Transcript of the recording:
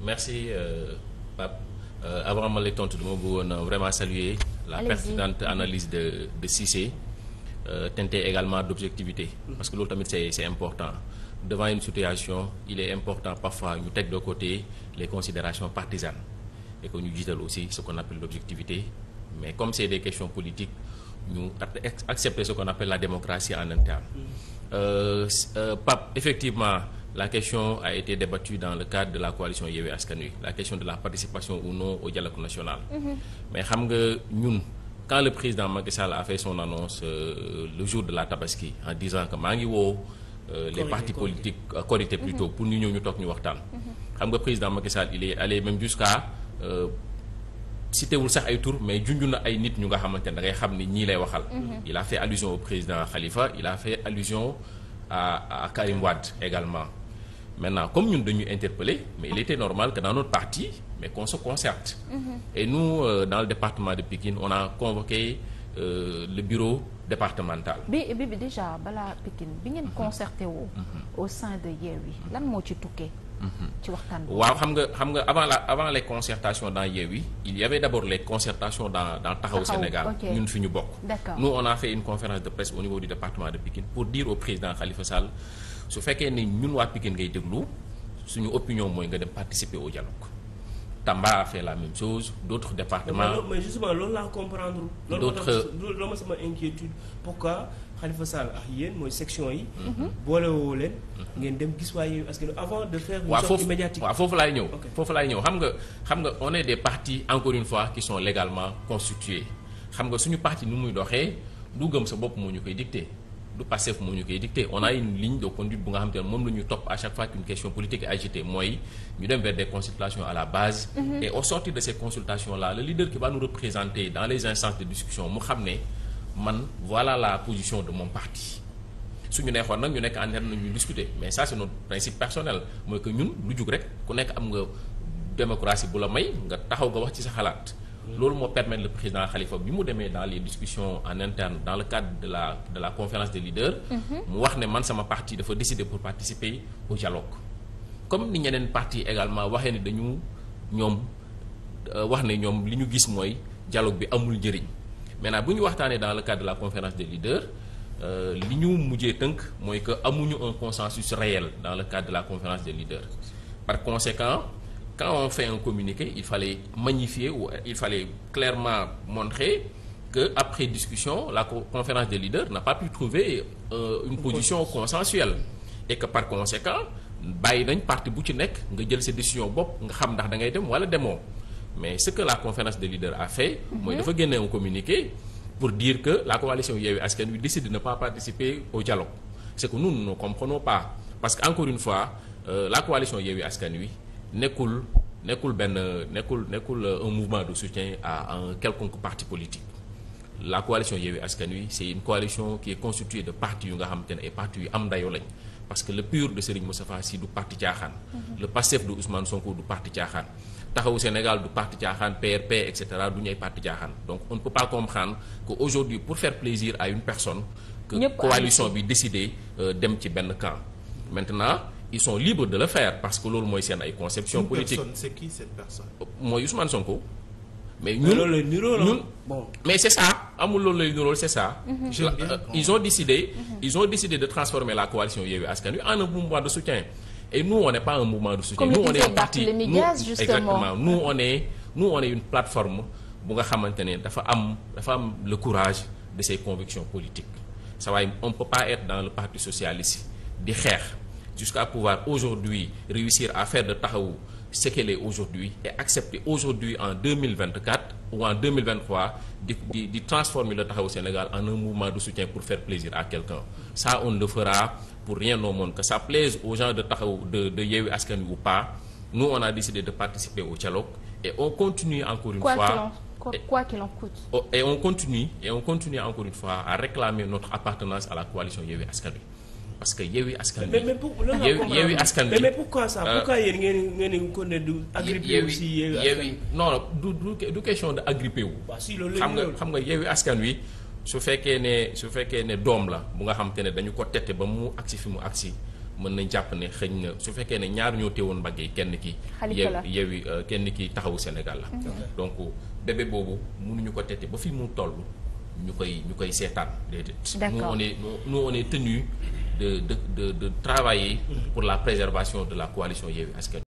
merci euh, Pape euh, avant ma lay tontu dama bëggoon euh, vraiment saluer la allez analyse de de Cissé euh, teintée également d'objectivité parce que loo tamit c'est important devant une situation il est important parfois ñu teg de côté les considérations partisanes et ñu jiital aussi ce qu'on appelle l'objectivité mais comme c'est des questions politiques ñu accepter ce qu'on appelle la démocratie en interne euh, euh, Pape effectivement La question a été débattue dans le cadre de la coalition Yewwi Askan Wi la question de la participation ou non au dialogue national. Mmh. mais xam nga ñun quand le président Macky Sall a fait son annonce euh, le jour de la Tabaski en disant que maa ngi woo. Euh, les partis politiques euh, Korité mhm. plutôt pour ñu ñëw ñu toog ñu waxtaan. Mhm. xam nga président Macky Sall il est allé même jusqu'à euh, sax ay tur mais junj na ay nit ñu nga xamante ne da xam ni ñii lay waxal. Mhm. il a fait allusion au président Khalifa il a à à également. Maintenant, comme ñun dañu interpeller mais il était normal que dans notre parti mais qu'on se concerte. Mm -hmm. Et nous euh, dans le département de Pikine, on a convoqué euh, le bureau départemental. Bi bi déjà balaa Pikine bi ngeen mhm. concerté mhm. au sein de Yewwi mhm. lan moo ci tukkee. ci waxtaan bi waaw xam nga xam nga avant la avant les concertations dans Yewwi il y avait d'abord les concertations dans dans Sénégal ñun fi ñu bokk. D'accord. Nous on a fait une conférence de presse au niveau de Pikine su fekkee ni ñun waa Pikine ngay déglu suñu opinion mooy nga dem participer au dialogue Tamba a la même chose d'autres départements. mais justement loolu laa comprendre. d'autres loolu ma sama inquiétude pourquoi Khalifa Sall ak yéen mooy section yi. Mhm. boolewoo leen. Mhm. ngeen dem gis waa parce que Wi avant de faire. une sortie médiatique waaw foofu laay ñëw. foofu laay ñëw xam nga xam nga on est des partis encore une fois qui son légalement constitués xam nga suñu parti ni muy doxee du gëm sa bopp moo ñu koy dicter. du Pastef moo ñu koy dicté on a une de conduite bu nga xam te ne moom la ñu topp à chaque fois qu'une question politique est agitée mooy ñu dem vers des consultations à la base mm-hmm. et au sortir de ces consultations là le leader qui va nous représenter dans les instances de discussion mu xam ne man voilà la position de moom parti su ñu neexoon nag ñu nekk en interne ñu discuter mais ça c'est notre principe personnel mooy que ñun lu jug rek ku nekk am nga démocratie bu la may nga taxaw nga wax ci sa xalaat loolu moo permettre le président Khalifa bi mu demee dans les discussions en interne dans le cadre de la de la conférence des leaders. Mm-hmm. mu wax ne man sama parti dafa décider pour participer au dialogue comme ni ñeneen parti également waxee ne dañu ñoom euh, wax ne ñoom li ñu gis mooy dialogue bi amul njëriñ maintenant bu ñu waxtaanee dans le cadre de la conférence des leaders. Euh, li ñu mujjee tënk mooy que amuñu un consensus réel dans le cadre de la conférence des leaders par conséquent quand on fait un communiqué il fallait magnifier ou il fallait clairement montrer que après discussion la conférence des leaders n'a pas pu trouver euh, une position consensuelle et que par conséquent bàyyi nañ parti bu ci nekk nga jël sa décision bopp nga xam ndax da ngay dem wala demoo mais ce que la conférence des leaders a fait mhm. mooy dafa génne un communiqué pour dire que la coalition Yewwi Askan Wi décide na ne pas participer au dialogue ce que nous ne comprenons que encore fois euh, la coalition Askan Wi nekkul nekkul benn nekkul nekkul euh, un mouvement de soutien à un quelconque parti politique la coalition Yewwi Askan Wi c'est une coalition qui est de partis yu nga xamante ne ay partis yu am dayoo lañ parce que le PUR de Serigne Moustapha Sy du parti caaxaan mhm. le PASTEF de Ousmane Sonko du parti caaxaan taxawu Sénégal du parti caaxaan PRP et cetera du ñu ay parti caaxaan donc on ne peut pas comprendre que aujourd'hui pour faire plaisir à une personne que coalition bi décidé euh, dem ci benn camp maintenant ils sont libres de le faire parce que loolu mooy seen ay conception politique c'est qui cette personne mais Ousmane Sonko mais ñun ñun mais c'est ça amul loolu lay nirool c'est ça mhm. euh, ils ont décidé mhm. ils ont décidé de transformer la coalition yooyu Askan Wi en un mouvement de soutien et nous pas un mouvement de soutien nous on est un parti exactement nous on est une plateforme bu nga xamante ne dafa am dafa am le courage de ses convictions politiques ça va on peut pas être dans le parti di xeex jusqu'à pouvoir aujourd'hui réussir à faire de Taxawu ce qu'elle est aujourd'hui et accepter aujourd'hui en 2024 ou en 2023 di di transformer le Taxawu Sénégal en un mouvement de soutien pour faire plaisir à quelqu'un ça on le fera pour rien au monde que ça plaise aux gens de Taxawu de de Yewwi Askan Wi ou pas nous on a décidé de participer au dialogue et on continue encore une quoi fois qu et, quoi qu'il en coûte oh, et on continue et on continue encore une fois à réclamer notre appartenance à la coalition Yewwi Askan Wi parce que Yewwi Askan Wi. Yewwi euh, Askan Wi mais pourquoi ça euh, pourquoi yéen ngeen ko ne du. agrippé wu si du du question de agrippé wu. xam nga xam nga Yewwi Askan Wi. su fekkee ne su fekkee ne doom la bu nga xam te ne dañu ko tette ba mu agsi fi mu agsi mën na jàpp ne xëñ na su fekkee ne ñaar ñoo woon mbagg yi kenn ki yew yewi euh, kenn ki taxawu Sénégal la mhm. donc bébé boobu mënuñu ko tette ba fi mu toll ñu koy ñu koy seetaan déedéet nous on est nous on de de de de travailler mm-hmm. pour la préservation de la coalition Yewwi Askan